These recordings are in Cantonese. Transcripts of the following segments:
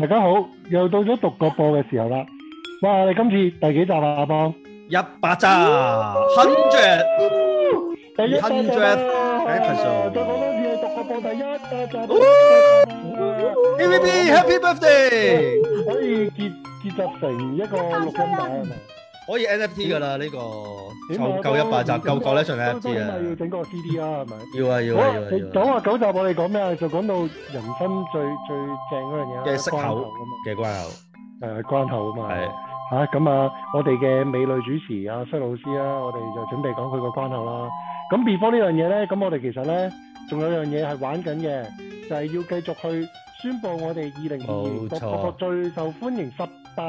大家好，又到咗獨角播嘅時候啦。哇，我哋今次第幾集啊，阿邦？一百集，hundred，一百集，好特殊。到我呢邊獨角播第一集。Woo，T V T，Happy Birthday。可以結結集成一個錄音帶啊嘛？可以 N F T 噶啦呢個。夠夠一百集，夠講得上一啲啊！要整嗰個 CD 啊，係咪？要啊，要啊，要啊！九啊九集，我哋講咩啊？就講到人生最最正嗰樣嘢嘅關口，嘅關口，誒，關口啊嘛！吓咁啊！我哋嘅美女主持阿衰老師啊，我哋就準備講佢個關口啦。咁 before 呢樣嘢咧，咁我哋其實咧，仲有樣嘢係玩緊嘅，就係要繼續去宣布我哋二零二二年嘅最受歡迎十大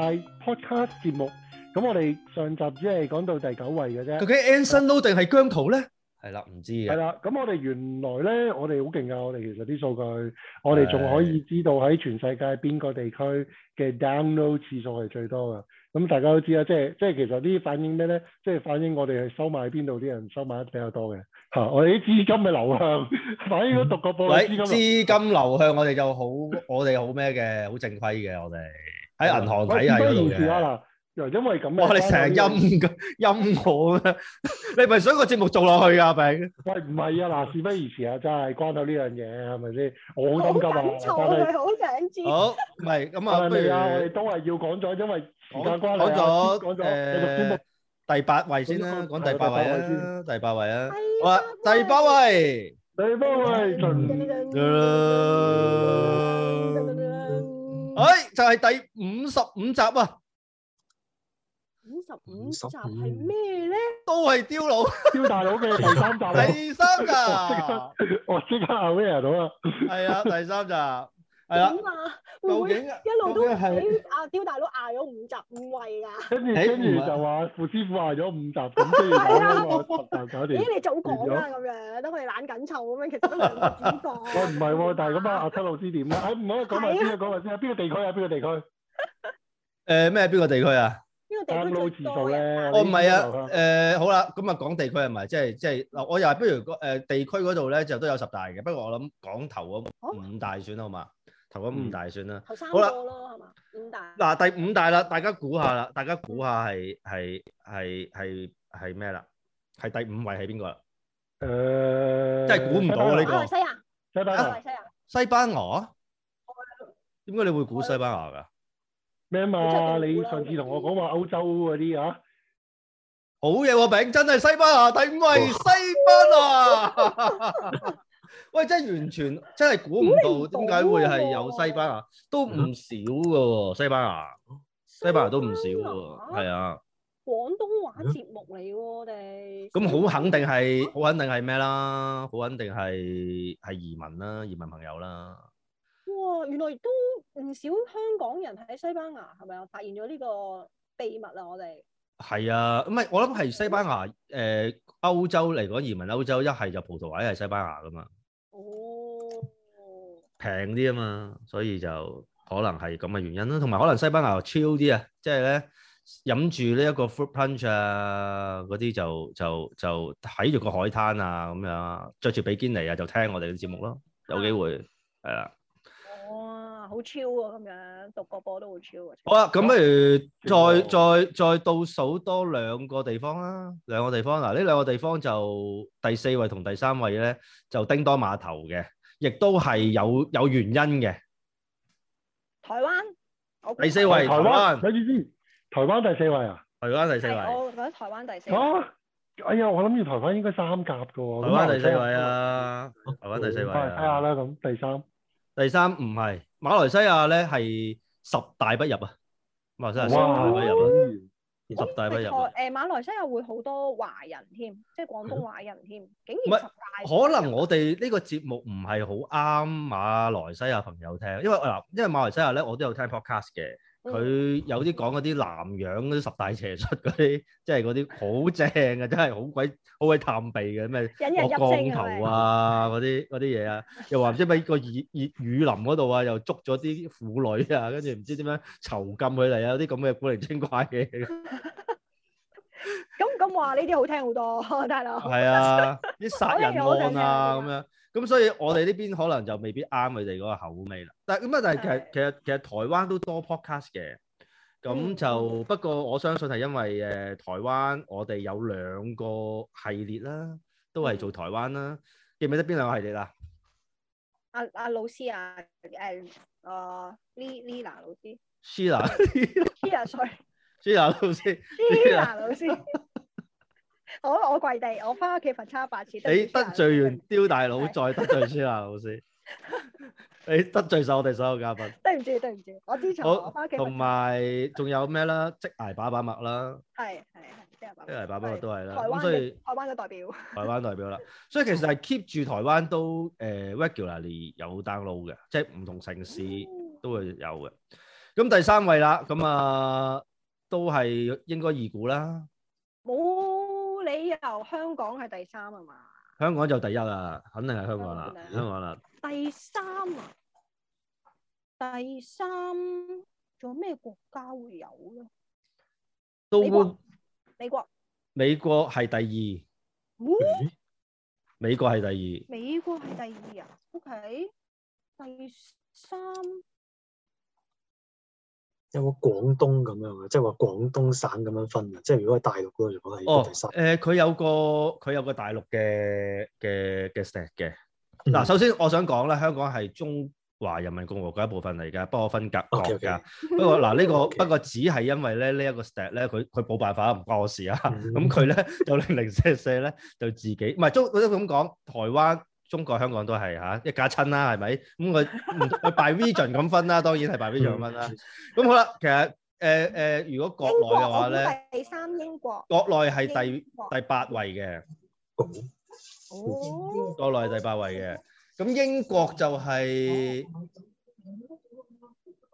podcast 節目。咁我哋上集只係講到第九位嘅啫，究竟 Anson Lo 定係姜濤咧？係啦，唔知嘅。係啦，咁我哋原來咧，我哋好勁噶，我哋其實啲數據，的我哋仲可以知道喺全世界邊個地區嘅 download 次數係最多噶。咁大家都知道，即係即係其實啲反映咩咧？即係反映我哋係收買邊度啲人收買得比較多嘅吓，我哋啲資金嘅流向 反映咗獨角播資金流向我哋就好， 我哋好咩嘅？好正規嘅，我哋喺銀行睇係嗰度嘅。嗯又因為咁，我哋成日嘅陰我啦，你唔係想個節目做落去噶，明？喂，唔係啊，嗱，事不宜遲啊，真係關到呢樣嘢，係咪先？我好心急啊！我係好想知，好，唔係咁啊，不如我哋都係要講咗，因為時間關係啊，講咗誒，第八位先啦，講第八位啊，第八位啊，好啦，第八位，第八位，噔噔噔，哎，就係第五十五集啊！五集係咩咧？都係雕佬，雕 大佬嘅第三集。第三集？我即刻 Aware 到啦。係 啊，第三集係啊。啊？會會一路都俾阿雕大佬挨咗五集五位啊？跟住跟住就話傅、欸啊、師傅挨咗五集，跟住咁樣話突然搞掂。咦、 啊哎？你早講啊？咁樣等我哋懶緊湊咁樣，其實點講？我唔係喎，但係咁啊，阿七老師點啊？唔好講埋先啊，講埋先啊，邊個地區、呃、啊？邊個地區？誒，咩？邊個地區啊？我都好知道咧。我唔係啊。誒，好啦，咁啊講地區係咪？即係即係嗱，我又係不如誒地區嗰度咧，就都有十大嘅。不過我諗講頭嗰五大算好嘛？頭嗰五大算啦。頭三個咯，係嘛？五大嗱第五大啦，大家估下啦，大家估下係係係係係咩啦？係第五位係邊個啦？誒，真係估唔到啊！呢個西班牙，西班牙，西班牙，西班牙。點解你會估西班牙㗎？咩嘛？你上次同我講話歐洲嗰啲啊，好嘢喎餅，真係西班牙第五位，西班牙。班牙 喂，真係完全真係估唔到，點解會係有西班牙。都唔少噶喎，西班牙，西班牙都唔少喎，係啊。廣東話節目嚟喎，我哋。咁好肯定係，好肯定係咩啦？好肯定係係移民啦，移民朋友啦。哇、哦！原來都唔少香港人喺西班牙，係咪啊？發現咗呢個秘密啊！我哋係啊，唔係我諗係西班牙誒、呃、歐洲嚟講移民歐洲，一係就葡萄牙，一係西班牙噶嘛。哦，平啲啊嘛，所以就可能係咁嘅原因啦。同埋可能西班牙 chill 啲啊，即係咧飲住呢一個 fruit punch 啊，嗰啲就就就睇住個海灘啊咁樣，着住比堅尼啊就聽我哋嘅節目咯。有機會係啊。好超啊！咁樣讀個波都好超啊！好啦，咁不如再再再倒數多兩個地方啦，兩個地方嗱，呢兩個地方就第四位同第三位咧，就叮當碼頭嘅，亦都係有有原因嘅。台灣，第四位台灣睇住先，台灣第四位啊，台灣第四位，我覺得台灣第四位。嚇！哎呀，我諗住台灣應該三甲㗎喎。台灣第四位啊，台灣第四位啊，睇下啦，咁第三。第三唔係馬來西亞咧，係十大不入啊！馬來西亞大、啊、哇十大不入、啊，十大不入。誒馬來西亞會好多華人添，即係廣東華人添，嗯、竟然十大、啊。可能我哋呢個節目唔係好啱馬來西亞朋友聽，因為嗱，因為馬來西亞咧，我都有聽 podcast 嘅。佢有啲講嗰啲南洋嗰啲十大邪術嗰啲，即係嗰啲好正啊，真係好鬼好鬼探秘嘅咩，人降頭啊嗰啲啲嘢啊，又話唔知咪、嗰個熱熱雨林嗰度啊，又捉咗啲婦女啊，跟住唔知點樣囚禁佢嚟啊，有啲咁嘅古靈精怪嘅、啊。咁咁話呢啲好聽好多，大佬。係啊，啲殺人案啊咁樣。咁所以，我哋呢邊可能就未必啱佢哋嗰個口味啦。但係咁啊，但係其實的其實其實台灣都多 podcast 嘅。咁就的不過我相信係因為誒、呃、台灣我哋有兩個系列啦，都係做台灣啦。記唔記得邊兩個系列啦？阿阿、啊啊、老師啊，誒啊 Lina 老師，Shina，Shina，sorry，Shina 老師，Lina 老師。我我跪地，我翻屋企罰抄一百次。你得罪完刁大佬，再得罪孫啊，老師。你得罪晒我哋所有嘉賓。對唔住，對唔住，我知錯。同埋仲有咩啦？即挨把把脈啦。係係係積挨把脈。把把脈都係啦。台灣。台灣嘅代表。台灣代表啦，所以其實係 keep 住台灣都誒 regularly 有 download 嘅，即係唔同城市都會有嘅。咁第三位啦，咁啊都係應該易估啦。冇。你由香港係第三啊嘛，香港就第一啦，肯定係香港啦，嗯、香港啦。第三啊，第三，仲有咩國家會有咧？都美美國，美國係第二。嗯、美國係第二。美國係第二啊，O、okay? K，第三。有冇廣東咁樣嘅，即係話廣東省咁樣分啊？即係如果係大陸嗰個嚟講係第三。誒，佢、哦呃、有個佢有個大陸嘅嘅嘅 state 嘅。嗱，首先我想講咧，香港係中華人民共和國一部分嚟㗎，不過分隔國 okay, okay. 不過嗱呢、呢個 不過只係因為咧呢一個 state 咧，佢佢冇辦法唔關我事啊。咁佢咧就零零舍舍咧就自己，唔係中我都咁講台灣。中國香港都係嚇、啊、一家親啦、啊，係咪？咁我唔我 by region 咁分啦、啊，當然係 by region 分啦、啊。咁 好啦，其實誒誒、呃呃，如果國內嘅話咧，第三英國，英國，國內係第國第八位嘅。哦，國內第八位嘅，咁英國就係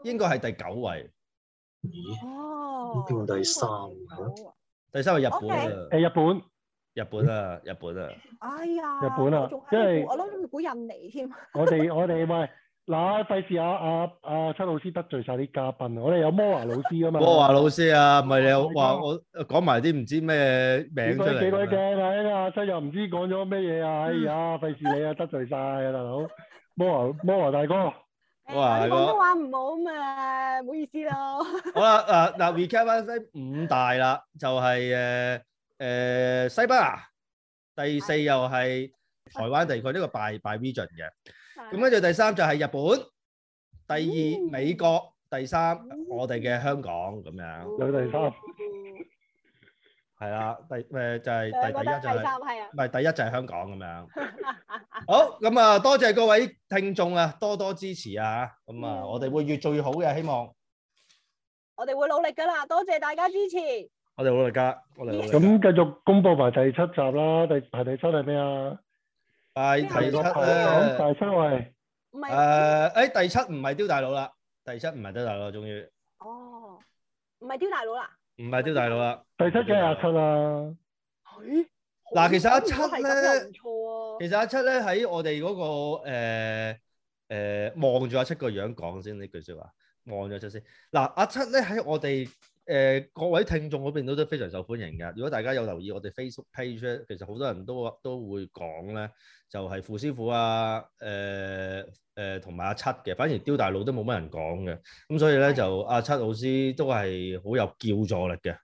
應該係第九位。咦？哦，第三啊？第三係日本。誒吧日本。日本啊，日本啊，哎呀，日本啊，即係我諗要估印尼添。我哋我哋咪嗱，費事阿阿阿七老師得罪曬啲嘉賓啊！我哋有摩華老師啊嘛。摩華老師啊，咪又話我講埋啲唔知咩名出嚟。幾鬼驚啊！阿七又唔知講咗咩嘢啊！哎呀，費事你啊，得罪曬啊，大佬摩華摩華大哥。誒，你講廣東話唔好嘛，唔好意思咯。好啦，誒嗱，recap 翻啲五大啦，就係誒。誒，西班牙第四又係台灣地區呢個 by by region 嘅，咁跟住第三就係日本，第二美國，第三我哋嘅香港咁樣，有第三，係啦，第誒就係第第一就係，唔係第一就係香港咁樣。好，咁啊多謝各位聽眾啊，多多支持啊，咁啊我哋會越做越好嘅，希望我哋會努力噶啦，多謝大家支持。我哋好犀利㗎，我哋好犀利。咁繼續公佈埋第七集啦，第排第七係咩啊？係第六排講第七位。唔係誒，第七唔係丟大佬啦，第七唔係丟大佬，終於。哦，唔係丟大佬啦。唔係丟大佬啦。第七梗係阿七啦。係。嗱，其實阿七咧，其實阿七咧喺我哋嗰個誒誒望住阿七個樣講先呢句説話，望住阿七先。嗱，阿七咧喺我哋。誒各位聽眾嗰邊都都非常受歡迎嘅。如果大家有留意我哋 Facebook page，其實好多人都都會講咧，就係傅師傅啊、誒誒同埋阿七嘅。反而刁大佬都冇乜人講嘅。咁所以咧，就阿七老師都係好有叫座力嘅。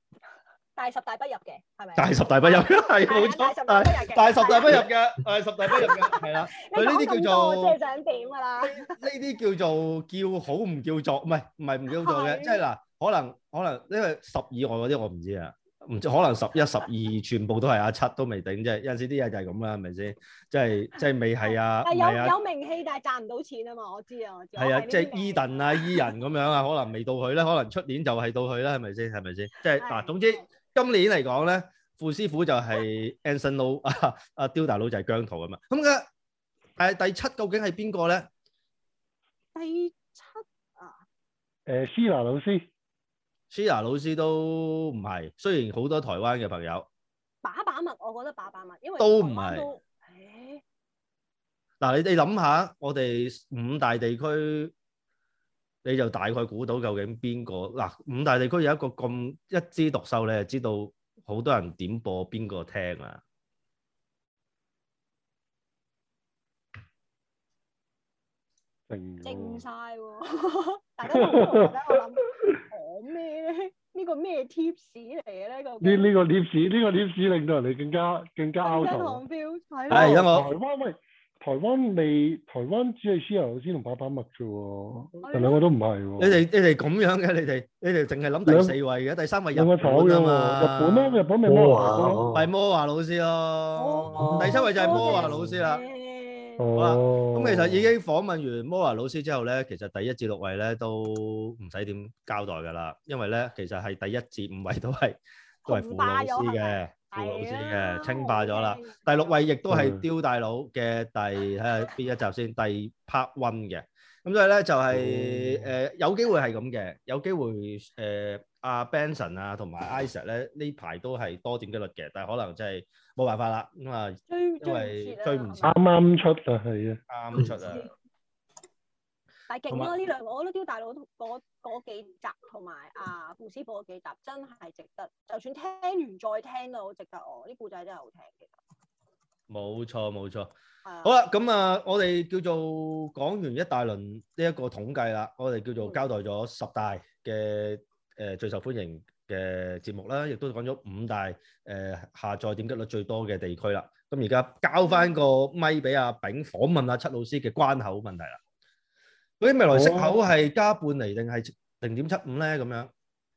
大十大不入嘅，係咪？大十大不入，係冇錯。大十大不入嘅，大十大不入嘅，誒十大不入嘅，係啦。呢啲叫做即係想點㗎啦？呢啲叫做叫好唔叫座，唔係唔係唔叫座嘅，即係嗱。可能可能，因為十以外嗰啲我唔知啊，唔知可能十一、十二全部都係阿七都未頂啫。有陣時啲嘢就係咁啦，係咪先？即係即係未係啊？有有名氣，但係賺唔到錢啊嘛！我知啊，我知。係啊，即係 Edan 啊、Ian 咁樣啊，可能未到佢咧，可能出年就係到佢啦，係咪先？係咪先？即係嗱，總之今年嚟講咧，傅師傅就係 Anson Lo 啊，阿刁大佬就係姜濤啊嘛。咁嘅係第七，究竟係邊個咧？第七啊，誒，思娜老師。Tina 老師都唔係，雖然好多台灣嘅朋友把把脈，我覺得把把脈，因為都唔係。嗱，你哋諗下，我哋五大地區，你就大概估到究竟邊個嗱？五大地區有一個咁一枝獨秀咧，你就知道好多人點播邊個聽啊？靜曬喎，大家唔同嘅，我諗。講咩咧？呢個咩 tips 嚟嘅咧？呢呢個 tips 呢個 tips 令到人哋更加更加。因為台灣係，因為台灣，喂台灣未台灣只係 C 羅老師同爸爸默啫喎，兩個都唔係喎。你哋你哋咁樣嘅，你哋你哋淨係諗第四位嘅，第三位日本噶嘛？日本咩？日本咪摩華，係摩華老師咯。第七位就係摩華老師啦。好啦，咁其實已經訪問完摩華老師之後咧，其實第一至六位咧都唔使點交代噶啦，因為咧其實係第一至五位都係都係副老師嘅，副老師嘅稱霸咗啦。第六位亦都係雕大佬嘅第睇下邊一集先，第 part one 嘅。咁所以咧就係誒有機會係咁嘅，有機會誒。阿 Benson 啊，同埋 Isaac 咧，呢排都係多點擊率嘅，但係可能真係冇辦法啦。咁啊，因為追唔前，啱啱出啊，係啊，啱出啊。但係勁咯，呢兩個我都屌大佬，嗰嗰幾集同埋阿庫斯堡嘅幾集真係值得，就算聽完再聽都好值得哦。啲故仔真係好聽，其實。冇錯，冇錯。係啊。好啦，咁啊，我哋叫做講完一大輪呢一個統計啦，我哋叫做交代咗十大嘅。誒，最受歡迎嘅節目啦，亦都講咗五大誒，下載點擊率最多嘅地區啦。咁而家交翻個咪俾阿炳訪問阿七老師嘅關口問題啦。嗰啲未來息口係加半釐定係零點七五咧？咁樣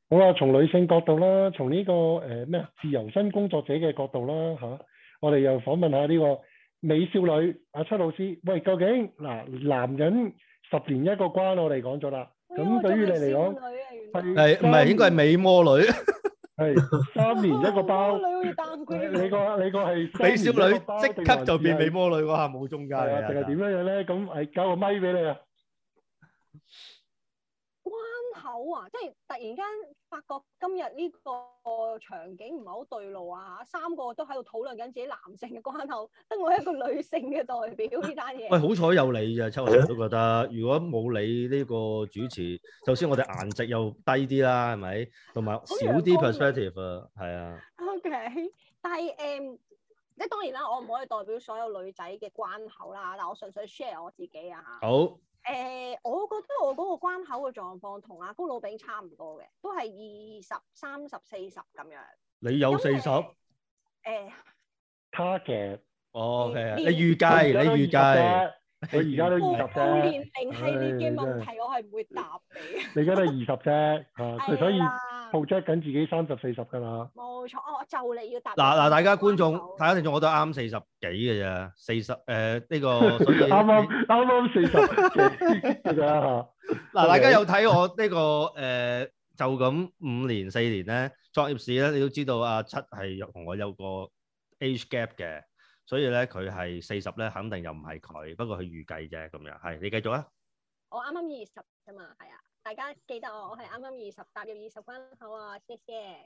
好啦，從女性角度啦，從呢個誒，咩啊自由身工作者嘅角度啦嚇，我哋又訪問下呢個美少女阿七老師。喂，究竟嗱，男人十年一個關，我哋講咗啦。咁對於你嚟講？係，唔係應該係美魔女。係三年一個包。 你，你個你個係俾小女即刻就變美魔女嗰下冇中介啊？定係點樣樣咧？咁係搞個咪俾你啊！好啊！即係突然間發覺今日呢個場景唔係好對路啊！三個都喺度討論緊自己男性嘅關口，得我一個女性嘅代表呢單嘢。喂， 哎、好彩有你咋？秋我都覺得，如果冇你呢個主持，首先 我哋顏值又低啲啦，係咪？同埋少啲 perspective 弱啊，係啊、okay。O K，但係誒，即係當然啦，我唔可以代表所有女仔嘅關口啦。但我純粹 share 我自己啊吓。好。誒、呃，我覺得我嗰個關口嘅狀況同阿高老餅差唔多嘅，都係二十三十四十咁樣。你有四十？誒、呃 okay. target 哦，你預計你預計，你而家都二十啫。布布年齡系列嘅問題，我係唔會答你。 你而家都二十啫，佢所以。 曝出緊自己三十四十㗎啦，冇錯，我就你要答。嗱嗱，大家觀眾，大家聽眾，我都啱四十幾嘅啫，四十誒呢、呃這個，啱啱啱啱四十，嗱， 大家有睇我呢、這個誒、呃，就咁五年四年咧，創業時咧，你都知道阿、啊、七係同我有個 age gap 嘅，所以咧佢係四十咧，肯定又唔係佢，不過佢預計啫，咁樣係你繼續剛剛啊。我啱啱二十啫嘛，係啊。大家記得我，我係啱啱二十踏入二十關口啊，謝謝。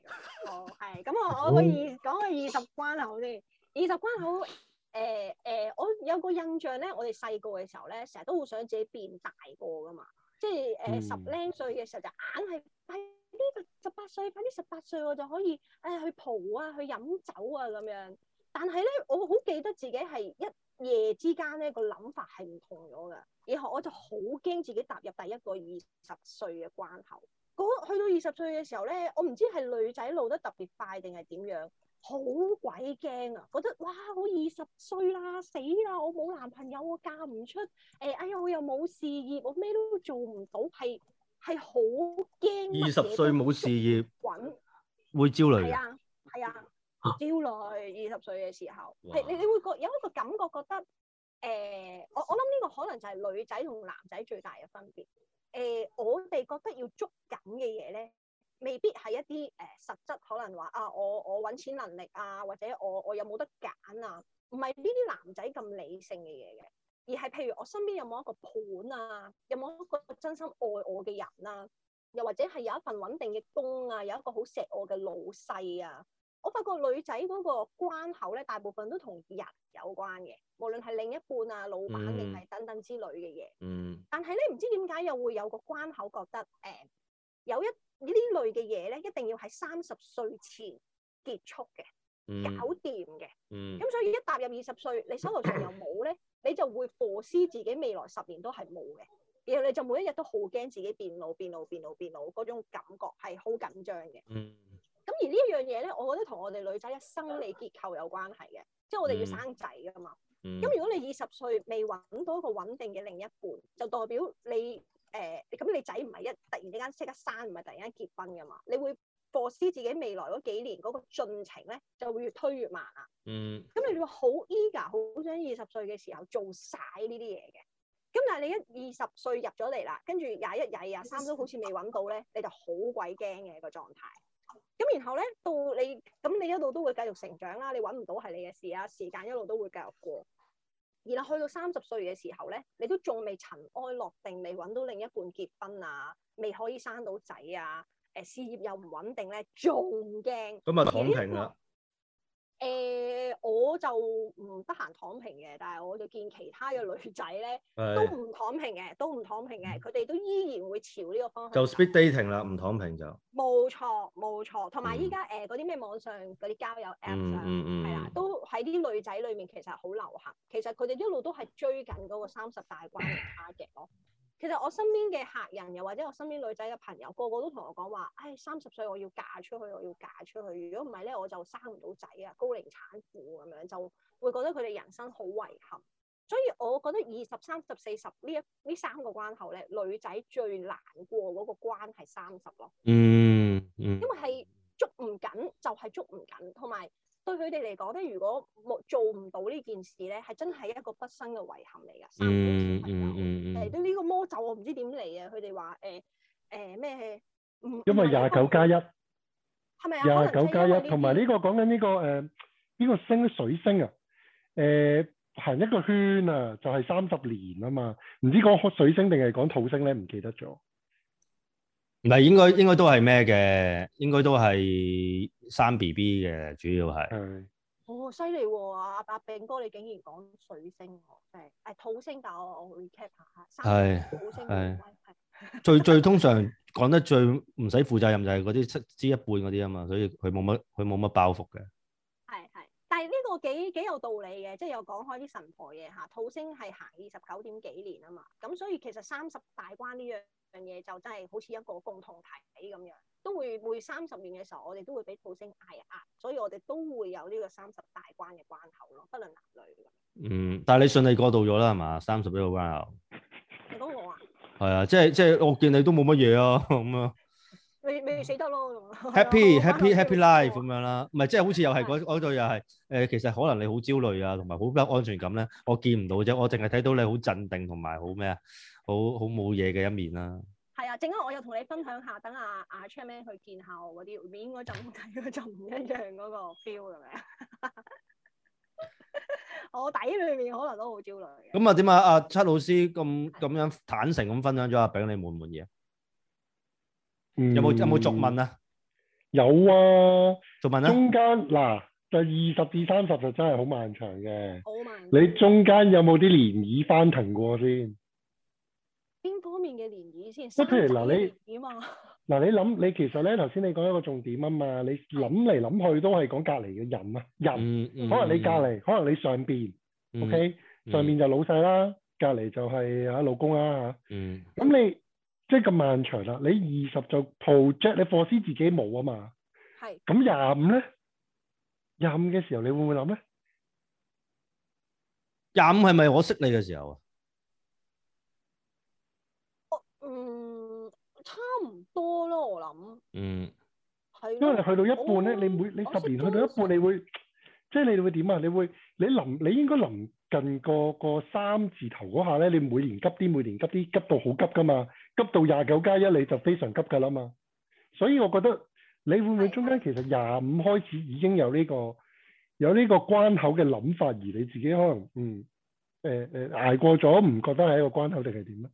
哦， 係咁我我個二 講個二十關口先。二十關口誒誒、呃呃，我有個印象咧，我哋細個嘅時候咧，成日都會想自己變大個㗎嘛。即係誒、呃嗯、十零歲嘅時候就硬係快啲，十八歲快啲十八歲，歲我就可以誒、哎、去蒲啊，去飲酒啊咁樣。但係咧，我好記得自己係一夜之間咧、呢個諗法係唔同咗嘅，以後我就好驚自己踏入第一個二十歲嘅關口。去到二十歲嘅時候咧，我唔知係女仔老得特別快定係點樣，好鬼驚啊！覺得哇，我二十歲啦，死啦，我冇男朋友，我嫁唔出。誒，哎呀，我又冇事業，我咩都做唔到，係係好驚。二十歲冇事業，滾會焦慮嘅。係啊，係啊。招來二十歲嘅時候，係哇你你會覺有一個感覺，覺得誒、呃，我我諗呢個可能就係女仔同男仔最大嘅分別。誒、呃，我哋覺得要捉緊嘅嘢咧，未必係一啲誒、呃、實質，可能話啊，我我搵錢能力啊，或者我我有冇得揀啊，唔係呢啲男仔咁理性嘅嘢嘅，而係譬如我身邊有冇一個伴啊，有冇一個真心愛我嘅人啊，又或者係有一份穩定嘅工啊，有一個好錫我嘅老細啊。我發覺女仔嗰個關口咧，大部分都同人有關嘅，無論係另一半啊、老闆定係等等之類嘅嘢、嗯。嗯。但係咧，唔知點解又會有個關口，覺得誒、欸，有一呢啲類嘅嘢咧，一定要喺三十歲前結束嘅，嗯、搞掂嘅、嗯。嗯。咁所以一踏入二十歲，你手頭上又冇咧，你就會禍思自己未來十年都係冇嘅，然後你就每一日都好驚自己變老、變老、變老、變老，嗰種感覺係好緊張嘅。嗯。咁而呢一樣嘢咧，我覺得同我哋女仔嘅生理結構有關係嘅，即係我哋要生仔噶嘛。咁、嗯嗯、如果你二十歲未揾到一個穩定嘅另一半，就代表你誒，咁、呃、你仔唔係一突然之間即刻生，唔係突然間結婚噶嘛。你會 force 自己未來嗰幾年嗰個進程咧，就會越推越慢啊。嗯。咁你會好 eager，好想二十歲嘅時候做晒呢啲嘢嘅。咁但係你一二十歲入咗嚟啦，跟住廿一、廿二、廿三都好似未揾到咧，你就好鬼驚嘅一個狀態。咁然後咧，到你咁你一路都會繼續成長啦，你揾唔到係你嘅事啊，時間一路都會繼續過。然後去到三十歲嘅時候咧，你都仲未塵埃落定，未揾到另一半結婚啊，未可以生到仔啊，誒事業又唔穩定咧，仲驚。咁咪躺平啦～誒、欸、我就唔得閒躺平嘅，但係我就見其他嘅女仔咧是都唔躺平嘅，都唔躺平嘅，佢哋都依然會朝呢個方向就 speed dating 啦，唔躺平就冇錯冇錯，同埋依家誒嗰啲咩網上嗰啲交友 app 啊，係啦、嗯嗯嗯，都喺啲女仔裏面其實好流行，其實佢哋一路都係追緊嗰個三十大關卡嘅咯。 其實我身邊嘅客人，又或者我身邊女仔嘅朋友，個個都同我講話，唉、哎，三十歲我要嫁出去，我要嫁出去。如果唔係咧，我就生唔到仔啊，高齡產婦咁樣，就會覺得佢哋人生好遺憾。所以我覺得二十、三十、四十呢一呢三個關口咧，女仔最難過嗰個關係三十咯嗯。嗯，因為係捉唔緊，就係、是、捉唔緊，同埋。對佢哋嚟講咧，如果冇做唔到呢件事咧，係真係一個畢生嘅遺憾嚟噶。三個小朋友嚟到呢個魔咒我，我唔知點嚟啊。佢哋話誒誒咩？1，因為廿九加一係咪廿九加一？同埋呢個講緊呢個誒呢、呃這個星水星啊，誒、呃、行一個圈啊，就係三十年啊嘛。唔知講水星定係講土星咧，唔記得咗。唔係，應該應該都係咩嘅？應該都係生 B B 嘅，主要係。哦，犀利喎！阿阿炳哥，你竟然講水星，係誒土星，但我我會 cap 下。係是。土是星。係。最最 通常講得最唔使負責任就係嗰啲七之一半嗰啲啊嘛，所以佢冇乜佢冇乜包袱嘅。係係，但係呢個幾幾有道理嘅，即係又講開啲神婆嘢吓，土星係行二十九點幾年啊嘛，咁所,所以其實三十大關呢樣。樣嘢就真係好似一個共同體咁樣，都會每三十年嘅時候，我哋都會俾土星挨壓，所以我哋都會有呢個三十大關嘅關口咯，不論男女。嗯，但係你順利過渡咗啦，係嘛？三十一個關口。唔到我啊？係啊，即係即係，我見你都冇乜嘢啊，咁啊，你你死得咯。Happy happy happy life 咁樣啦，唔係即係好似又係嗰嗰度又係誒，其實可能你好焦慮啊，同埋好冇安全感咧，我見唔到啫，我淨係睇到你好鎮定同埋好咩啊？好好冇嘢嘅一面啦，係啊，陣間我又同你分享下，等阿阿 Chairman 去見下我啲面嗰陣，睇就唔一樣嗰個 feel 咁咩？ 我底裏面可能都好焦慮咁啊，點啊？阿七老師咁咁樣坦誠咁分享咗、啊，阿炳你滿唔滿意？有冇有冇續問啊？有啊，續問啊？中間嗱、啊，就二十至三十就真係好漫長嘅，好漫長。你中間有冇啲漣漪翻騰過先？邊方面嘅漣漪先？即係譬如嗱，你點啊嗱你諗，你其實咧，頭先你講一個重點啊嘛，你諗嚟諗去都係講隔籬嘅人啊，人可能你隔籬，可能你上邊，OK，上邊就老細啦，隔籬就係啊老公啦吓，咁你即係咁漫長啦，你二十就 project，你課師自己冇啊嘛，係，咁廿五咧，廿五嘅時候你會唔會諗咧？廿五係咪我識你嘅時候啊？我諗，嗯，係，因為你去到一半咧，你每你十年去到一半，你會，即係你會點啊？你會，你臨你應該臨近個個三字頭嗰下咧，你每年急啲，每年急啲，急到好急噶嘛，急到廿九加一你就非常急噶啦嘛。所以我覺得你會唔會中間其實廿五開始已經有呢個有呢個關口嘅諗法，而你自己可能嗯誒誒、呃呃呃、捱過咗，唔覺得係一個關口定係點咧？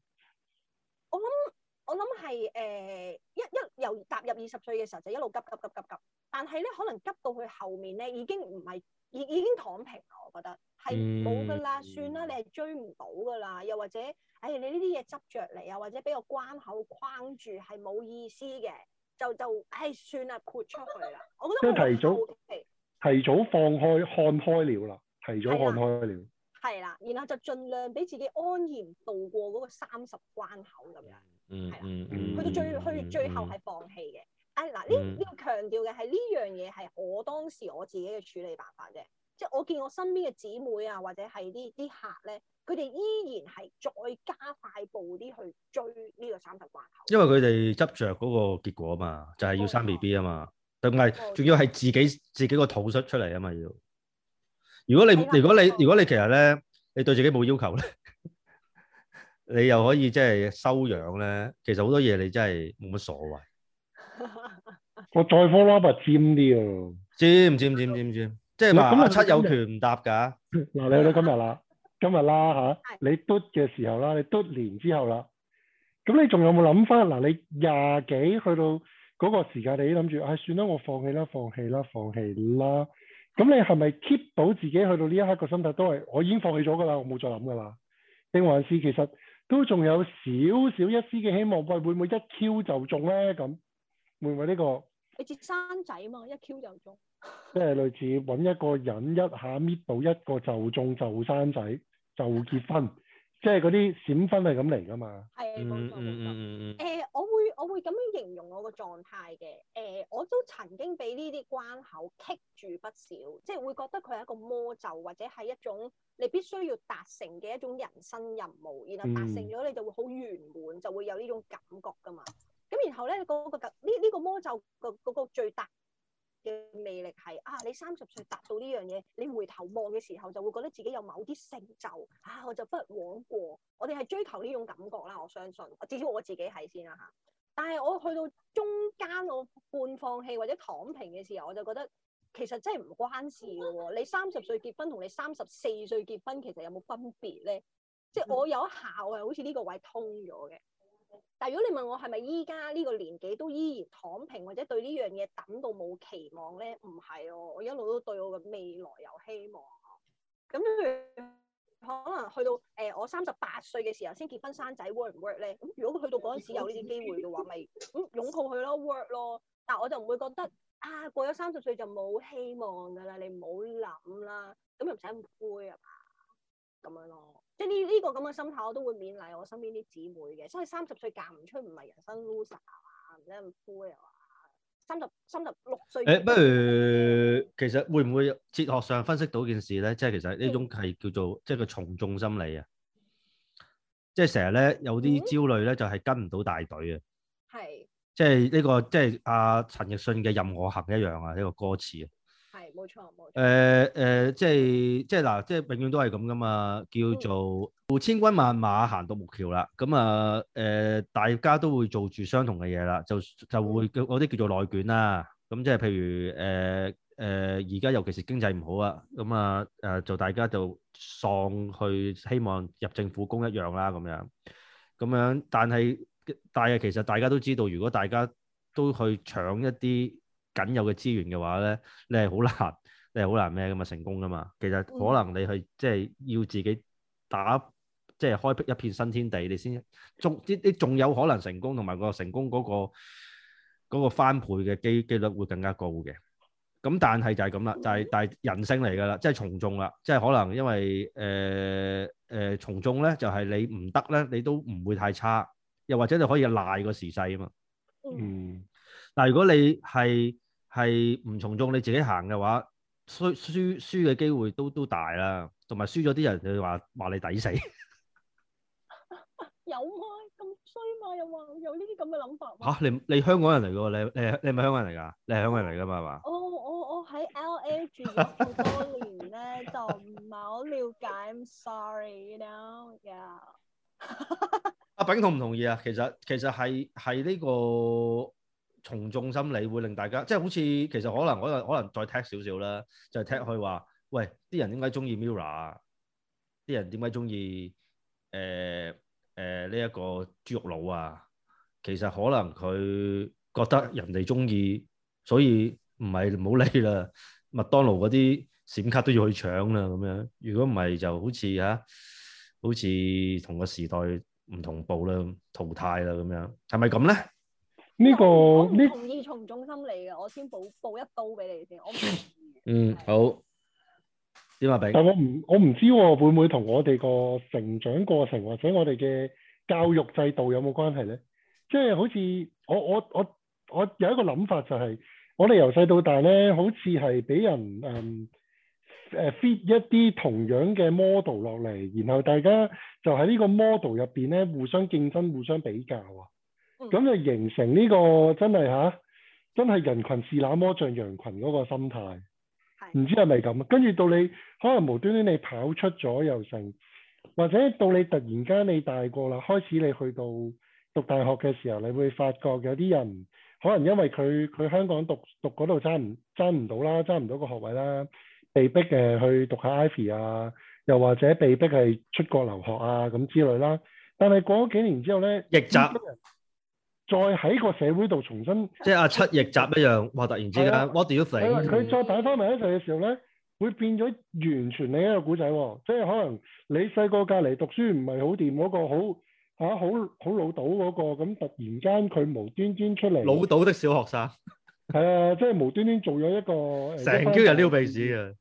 我諗係誒一一由踏入二十歲嘅時候就一路急急急急急，但係咧可能急到佢後面咧已經唔係已已經躺平啦。我覺得係冇㗎啦，嗯、算啦，你係追唔到㗎啦。又或者誒、哎，你呢啲嘢執着嚟，又或者俾個關口框住係冇意思嘅，就就誒、哎、算啦，豁出去啦。我覺得我提早提早放開看開了啦，提早看開了係啦、啊啊，然後就盡量俾自己安然度過嗰個三十關口咁樣。嗯，係啦，去到最去最後係放棄嘅。誒，嗱，呢呢個強調嘅係呢樣嘢係我當時我自己嘅處理辦法啫。即係我見我身邊嘅姊妹啊，或者係啲啲客咧，佢哋依然係再加快步啲去追呢個三十關口。因為佢哋執着嗰個結果嘛，就係要生 BB 啊嘛，同埋仲要係自己自己個肚出出嚟啊嘛要。如果你如果你如果你其實咧，你對自己冇要求咧。你又可以即係收養咧，其實好多嘢你真係冇乜所謂。我再 follow up 尖啲啊，尖唔尖尖尖唔尖，即係咁啊七有權唔答噶嗱、嗯啊是，你去到今日啦，今日啦吓，你嘟嘅時候啦，你嘟年之後啦，咁你仲有冇諗翻嗱？你廿幾去到嗰個時間，你都諗住唉，算啦，我放棄啦，放棄啦，放棄啦。咁你係咪 keep 到自己去到呢一刻個心態都係我已經放棄咗噶啦，我冇再諗噶啦，定還是其實？都仲有少少一絲嘅希望，喂，會唔會一 Q 就中咧？咁會唔會呢、這個你結生仔啊嘛，一 Q 就中，即 係類似揾一個人一下搣到一個就中就生仔就結婚。即係嗰啲閃婚係咁嚟㗎嘛，係，冇錯，冇錯。誒，我會我會咁樣形容我個狀態嘅。誒、欸，我都曾經俾呢啲關口棘住不少，即係會覺得佢係一個魔咒，或者係一種你必須要達成嘅一種人生任務，然後達成咗你就會好圓滿，就會有呢種感覺㗎嘛。咁然後咧，嗰呢呢個魔咒個嗰、嗰個最大魅力係啊！你三十歲達到呢樣嘢，你回頭望嘅時候就會覺得自己有某啲成就啊！我就不枉過。我哋係追求呢種感覺啦，我相信至少我自己係先啦嚇、啊。但係我去到中間，我半放棄或者躺平嘅時候，我就覺得其實真係唔關事嘅喎。你三十歲結婚同你三十四歲結婚，其實有冇分別咧？即係我有一下，我係好似呢個位通咗嘅。但如果你問我係咪依家呢個年紀都依然躺平，或者對呢樣嘢等到冇期望咧？唔係哦，我一路都對我嘅未來有希望啊。咁譬如可能去到誒、呃、我三十八歲嘅時候先結婚生仔 work 唔 work 咧？咁如果去到嗰陣時有呢啲機會嘅話，咪咁擁抱佢咯，work 咯。但我就唔會覺得啊，過咗三十歲就冇希望噶啦，你唔好諗啦，咁又唔使咁灰啊嘛，咁樣咯。即係呢呢個咁嘅心態，我都會勉勵我身邊啲姊妹嘅。所以三十歲嫁唔出唔係人生 loser 啊，唔使咁灰啊。三十、三十六歲。誒，不如其實會唔會哲學上分析到件事咧？即係其實呢種係叫做是即係個從眾心理啊。即係成日咧有啲焦慮咧，嗯、就係跟唔到大隊是、這個、啊。係。即係呢個即係阿陳奕迅嘅任我行一樣啊，呢、這個歌詞。冇錯，冇錯。誒誒、呃呃，即係即係嗱，即係永遠都係咁噶嘛，叫做、嗯、千軍萬馬行獨木橋啦。咁啊誒、呃，大家都會做住相同嘅嘢啦，就就會有啲叫做內卷啦。咁、嗯、即係譬如誒誒，而、呃、家、呃、尤其是經濟唔好啊，咁啊誒、呃，就大家就喪去希望入政府工一樣啦，咁樣咁樣。但係但係，其實大家都知道，如果大家都去搶一啲僅有嘅資源嘅話咧，你係好難，你係好難咩嘅嘛成功噶嘛？其實可能你係即係要自己打，即係開辟一片新天地，你先仲啲啲仲有可能成功，同埋個成功嗰個嗰個翻倍嘅機機率會更加高嘅。咁但係就係咁啦，就係但係人性嚟噶啦，即係從眾啦，即係可能因為誒誒從眾咧，就係你唔得咧，你都唔會太差，又或者你可以賴個時勢啊嘛。嗯。但如果你係，係唔從眾，你自己行嘅話，輸輸輸嘅機會都都大啦，同埋輸咗啲人就話話你抵死。有啊，咁衰嘛？有話有呢啲咁嘅諗法。嚇！你你香港人嚟嘅喎？你你你係咪香港人嚟㗎？你係香港人嚟㗎嘛？係嘛？哦，我我喺 L.A. 住咗好多年咧， 就唔係好了解，I'm sorry，you know, yeah 啊。阿炳同唔同意啊？其實其實係係呢個。從眾心理會令大家即係好似其實可能我可能再 take 少少啦，就係 take 去話，喂，啲人點解中意 Mirror？啲人點解中意誒誒呢一個豬肉佬啊？其實可能佢、就是呃呃這個、覺得人哋中意，所以唔係唔好理啦。麥當勞嗰啲閃卡都要去搶啦，咁樣。如果唔係就好似嚇、啊，好似同個時代唔同步啦，淘汰啦咁樣，係咪咁咧？呢、這個呢，我唔同意從中心嚟嘅，我先補補一刀俾你先，我唔同意嘅。嗯，好，點啊？炳，但我唔，我唔知喎，會唔會同我哋個成長過程或者我哋嘅教育制度有冇關係咧？即係好似我我我我有一個諗法就係，我哋由細到大咧，好似係俾人誒誒 feed 一啲同樣嘅 model 落嚟，然後大家就喺呢個 model 入邊咧互相競爭、互相比較啊。咁 就形成呢、這個真係吓，真係、啊、人群是那麼像羊群嗰個心態，唔的知係咪咁。跟住到你可能無端端你跑出咗又成，或者到你突然間你大個啦，開始你去到讀大學嘅時候，你會發覺有啲人可能因為佢佢香港讀讀嗰度爭唔爭唔到啦，爭唔到個學位啦，被逼誒去讀下 Ivy 啊，又或者被逼係出國留學啊咁之類啦。但係過咗幾年之後咧，逆襲。再喺個社會度重新，即係阿七亦集一樣，哇！突然之間、啊、What do you think？佢、嗯、再擺翻埋一齊嘅時候咧，會變咗完全另一個古仔、啊。即係可能你細個隔籬讀書唔係好掂，嗰、那個好吓好好老賭嗰、那個，咁突然間佢無端端出嚟。老賭的小學生係啊、 嗯，即係無端端做咗一個成朝日撩鼻屎啊！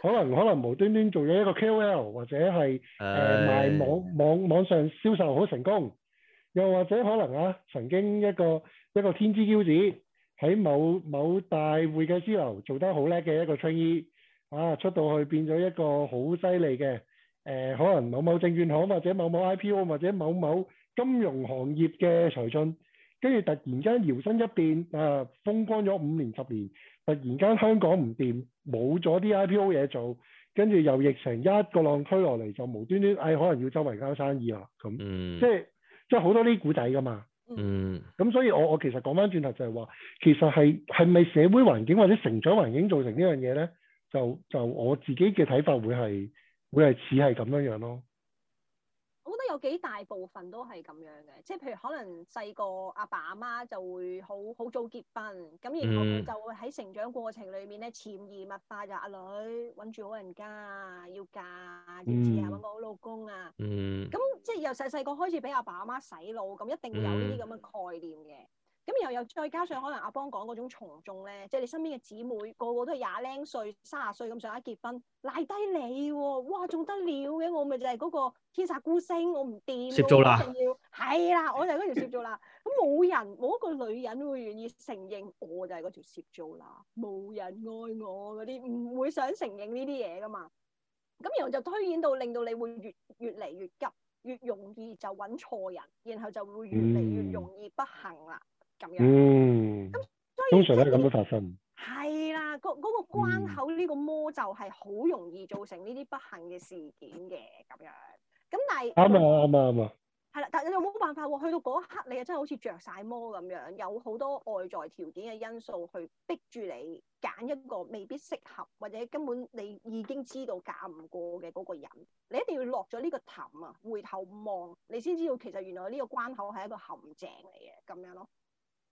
可能可能無端端，端做咗一個 KOL 或者係誒 賣網網網上銷售好成功。又或者可能啊，曾經一個一個天之驕子，喺某某大會計師樓做得好叻嘅一個 trainee 啊，出到去變咗一個好犀利嘅，誒、呃、可能某某證券行或者某某 IPO 或者某某金融行業嘅才俊，跟住突然間搖身一變啊，風光咗五年十年，突然間香港唔掂，冇咗啲 IPO 嘢做，跟住又疫情一個浪推落嚟，就無端端誒、哎、可能要周圍交生意啦，咁即係。嗯即係好多啲古仔噶嘛，mm. 嗯，咁所以我我其實講翻轉頭就係話，其實係係咪社會環境或者成長環境造成樣呢樣嘢咧？就就我自己嘅睇法會係會係似係咁樣樣咯。我覺得有幾大部分都係咁樣嘅，即係譬如可能細個阿爸阿媽就會好好早結婚，咁然後就會喺成長過程裡面咧潛移默化就阿、是、女揾住老人家啊，要嫁，要結啊，揾個好老公啊，嗯，咁。即係由細細個開始俾阿爸阿媽洗腦，咁一定會有呢啲咁嘅概念嘅。咁、嗯、然後又再加上可能阿邦講嗰種從眾咧，即係你身邊嘅姊妹個個都係廿零歲、卅歲咁上下結婚，賴低你喎、哦，哇仲得了嘅，我咪就係嗰個天煞孤星，我唔掂。攝灶罅，係啦，我就嗰條攝灶罅。咁冇 人冇一個女人會願意承認，我就係嗰條攝灶罅，冇人愛我嗰啲，唔會想承認呢啲嘢噶嘛。咁然後就推演到令到你會越越嚟越急，越容易就揾錯人，然後就會越嚟越容易不幸啦，咁樣，嗯。嗯。咁，所以通常都係咁樣發生。係啦，個嗰個關口，呢個魔咒係好容易造成呢啲不幸嘅事件嘅，咁樣。咁但係啱啊啱啊啱啊！係啦，但係你有冇辦法喎。去到嗰一刻，你又真係好似着晒魔咁樣，有好多外在條件嘅因素去逼住你揀一個未必適合，或者根本你已經知道揀唔過嘅嗰個人。你一定要落咗呢個氹啊，回頭望，你先知道其實原來呢個關口係一個陷阱嚟嘅，咁樣咯。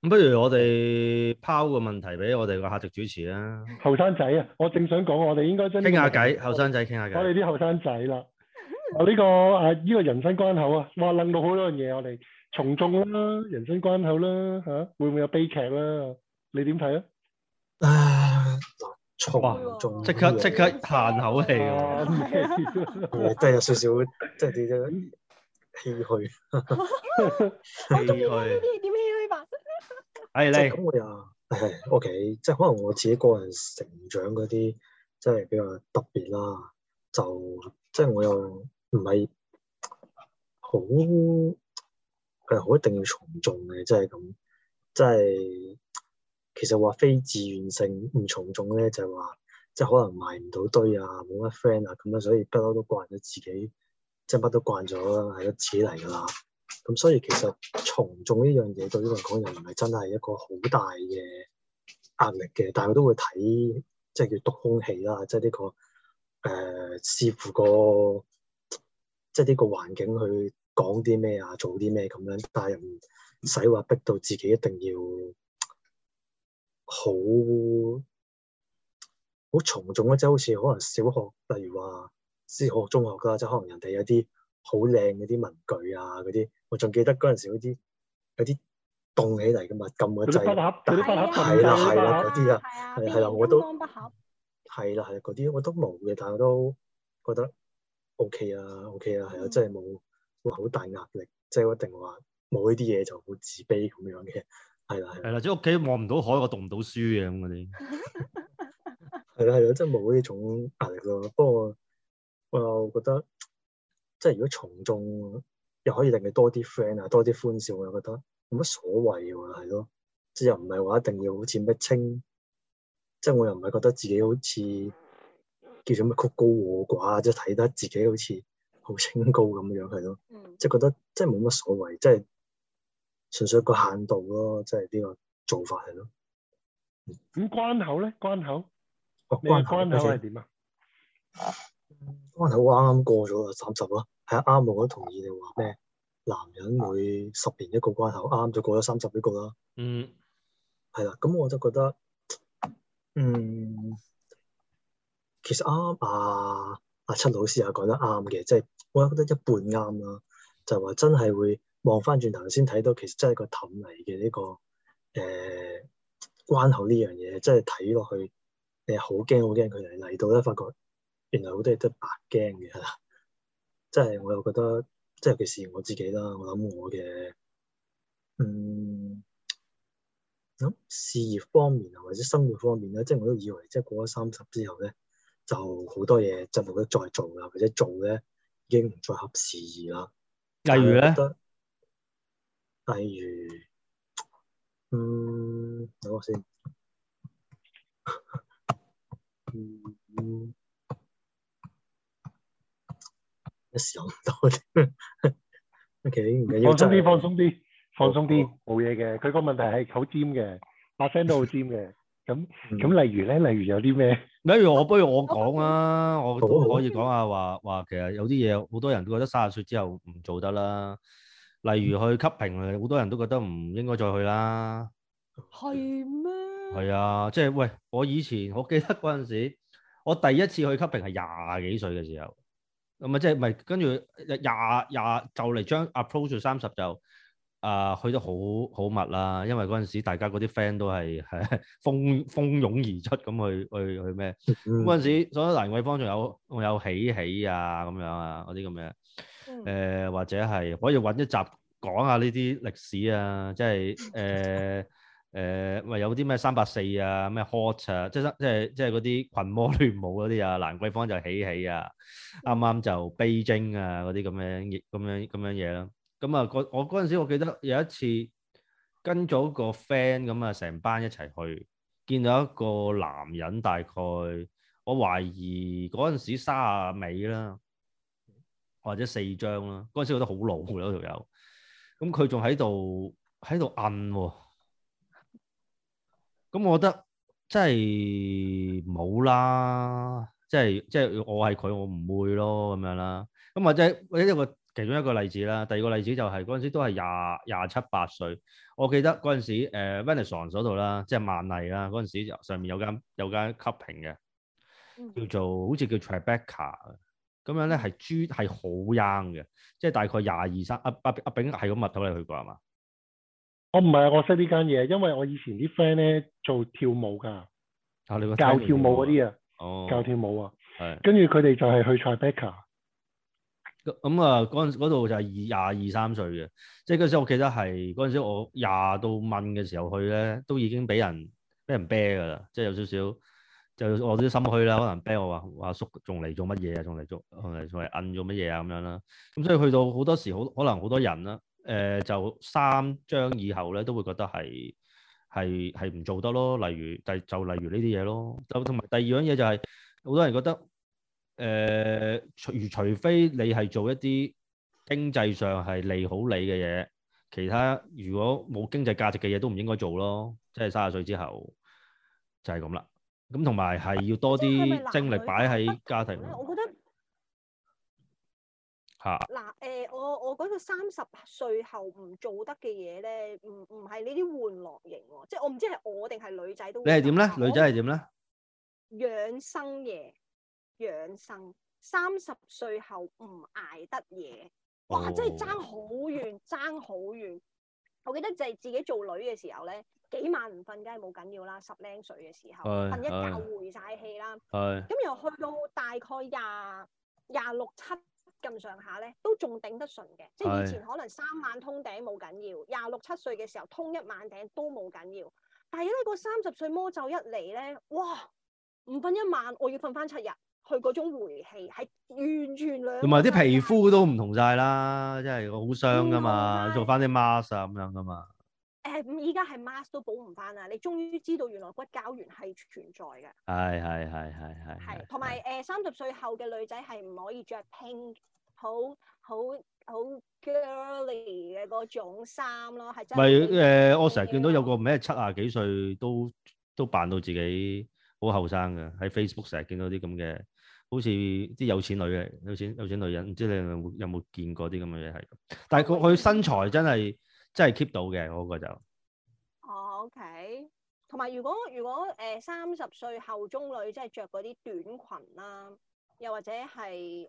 咁不如我哋拋個問題俾我哋個客席主持啦。後生仔啊，我正想講，我哋應該傾下偈。後生仔，傾下偈。我哋啲後生仔啦。呢個啊呢、這個人生關口啊，哇諗到好多樣嘢，我哋從眾啦，人生關口啦，嚇、啊、會唔會有悲劇啦、啊？你點睇啊？啊、 嗯，從眾、就是、 即刻即刻嘆口氣，即係有少少即係點啫？唏噓， 唏噓呢啲點唏噓法？係咧，咁我又，OK，即係可能我自己個人成長嗰啲，真、就、係、是、比較特別啦，就即係、就是、我又。唔係好誒，好一定要從眾嘅，即係咁，即係其實話非自願性唔從眾咧，就係話即係可能埋唔到堆啊，冇乜 friend 啊咁樣，所以不嬲都慣咗自己，即係乜都慣咗啦，係一子嚟㗎啦。咁所以其實從眾呢樣嘢對於我嚟講又唔係真係一個好大嘅壓力嘅，但係都會睇，即係叫篤空氣啦，即係呢個誒視乎個。呃即係呢個環境去講啲咩啊，做啲咩咁樣，但係又唔使話逼到自己一定要好好從眾啊！即係好似可能小學，例如話小學，學、中學啦，即係可能人哋有啲好靚嗰啲文具啊，嗰啲我仲記得嗰陣時嗰啲有啲動起嚟噶嘛，撳個掣，筆盒係啦係啦，嗰啲啊係係啦，我，我，我都係啦係啦，嗰啲我，我都冇嘅，但係我都覺得。O K 啊，O K 啊，係啊，即係冇好大壓力，即係一定話冇呢啲嘢就好自卑咁樣嘅，係啦，係啦，即係屋企望唔到海，我讀唔到書嘅咁嗰啲，係啦係啦，真係冇呢種壓力咯。不過我又覺得，即係如果從眾又可以令你多啲 friend 啊，多啲歡笑，我又覺得冇乜所謂喎，係咯，即係又唔係話一定要好似乜清，即係我又唔係覺得自己好似。叫做乜曲高和寡啊，即係睇得自己好似好清高咁樣樣係咯，嗯、即係覺得即係冇乜所謂，即係純粹個限度咯，即係呢個做法係咯。咁關口咧？關口？個、哦、關口係點啊？始關口啱啱過咗啊，三十咯，係啱我覺得同意你話咩？男人每十年一個關口，啱就過咗三十幾個啦。嗯，係啦，咁我就覺得，嗯。其實啱啊！阿、啊、七老師啊講得啱嘅，即係我覺得一半啱啦。就話、是、真係會望翻轉頭先睇到，其實真係個氹嚟嘅呢個誒、呃、關口呢樣嘢，真係睇落去你好驚好驚，佢哋嚟到咧，發覺原來好多嘢都係白驚嘅。啦， 即係我又覺得，即係尤其是我自己啦。我諗我嘅嗯諗事業方面啊，或者生活方面咧，即係我都以為即係過咗三十之後咧。就好多嘢就冇得再做啦，或者做咧已經唔再合時宜啦。例如咧，例如，嗯，等我先，一、嗯嗯、時諗唔到，OK，唔緊要放鬆啲，放鬆啲，放鬆啲，冇嘢嘅。佢我個問題係好尖嘅，把聲都好尖嘅。咁咁，例如咧，例如有啲咩？例如我，我不如我講啊， 我都可以講下話話，其實有啲嘢好多人都覺得卅歲之後唔做得啦。例如去吸評，好多人都覺得唔應該再去啦。係咩嗎？係啊，即係喂，我以前我記得嗰陣時，我第一次去吸評係廿幾歲嘅時候，咁咪即係咪跟住廿廿就嚟將 approach 三十就。啊，去得好好密啦，啊，因為嗰陣時大家嗰啲 friend 都係係蜂蜂擁而出咁去去去咩？嗰陣 時，所以蘭桂坊仲有我有喜喜啊咁樣啊嗰啲咁嘅，誒、呃、或者係可以揾一集講下呢啲歷史啊，即係誒誒，咪、呃呃、有啲咩三百四啊，咩 hot 啊，即係即係即係嗰啲群魔亂舞嗰啲啊，蘭桂坊就喜喜啊，啱啱 就悲精啊嗰啲咁樣咁樣咁樣嘢咯，啊。咁啊，我嗰陣時我記得有一次跟咗個 friend 咁啊，成班一齊去，見到一個男人，大概我懷疑嗰陣時卅啊尾啦，或者四張啦，嗰陣時覺得好老嗰條友，咁佢仲喺度喺度摁，咁、喔、我覺得真係冇啦，即係即係我係佢，我唔會咯，咁樣啦，咁或者或者一個。其中一個例子啦，第二個例子就係嗰陣時都係廿廿七八歲。我記得嗰陣時，Venice 嗰度啦，即係萬麗啦，嗰陣時上面有間有間吸平嘅，叫做好似叫 Trabeca 咁樣咧，係豬係好 young 嘅，即係大概廿二,二三。阿阿阿炳係咁密到你去過係嘛？我唔係啊，我識呢間嘢，因為我以前啲 friend 咧做跳舞噶，教跳舞嗰啲啊，教跳舞啊，啊啊啊啊啊啊啊跟住佢哋就係去 Trabeca 咁啊，嗰陣度就係二廿二,二三歲嘅，即係嗰時我記得係嗰陣時我廿到問嘅時候去咧，都已經俾人俾人啤㗎啦，即係有少少就我啲心虛啦，可能啤我話話叔仲嚟做乜嘢啊，仲嚟做仲嚟仲嚟摁做乜嘢啊咁樣啦。咁、嗯、所以去到好多時好可能好多人啦，誒、呃、就三張以後咧都會覺得係係係唔做得咯，例如就就例如呢啲嘢咯。就同埋第二樣嘢就係、是、好多人覺得。誒、呃，除如除非你係做一啲經濟上係利好你嘅嘢，其他如果冇經濟價值嘅嘢都唔應該做咯。即係三十歲之後就係咁啦。咁同埋係要多啲精力擺喺家庭是是是。我覺得吓嗱，誒、啊呃，我我嗰個三十歲後唔做得嘅嘢咧，唔唔係呢啲玩樂型，即係我唔知係我定係女仔都。你係點咧？我女仔係點咧？養生嘢。養生，三十歲後唔捱得嘢。哇！真係爭好遠，爭好遠。我記得就係自己做女嘅時候咧，幾晚唔瞓梗係冇緊要啦。十零歲嘅時候瞓一覺回晒氣啦，咁又、哎嗯、去到大概廿廿六七咁上下咧，都仲頂得順嘅。即係以前可能三晚通頂冇緊要，廿六七歲嘅時候通一晚頂都冇緊要。但係咧，個三十歲魔咒一嚟咧，哇！唔瞓一晚，我要瞓翻七日。佢嗰種回氣係完全兩樣，同埋啲皮膚都唔同晒啦，即係好傷㗎嘛，做翻啲 mask 啊咁樣㗎嘛。誒，依家係 mask 都補唔翻啦，你終於知道原來骨膠原係存在嘅。係係係係係。係同埋誒，三十歲後嘅女仔係唔可以著 pink，好好好 girly 嘅嗰種衫咯，係真。咪誒，我成日見到有個咩七廿幾歲都都扮到自己好後生嘅，喺 Facebook 成日見到啲咁嘅。好似啲有錢女嘅，有錢有錢女人，唔知你有冇有冇見過啲咁嘅嘢係？但係佢佢身材真係真係 keep 到嘅，嗰個就。哦，OK。同埋如果如果誒三十歲後中女，即係着嗰啲短裙啦，又或者係誒，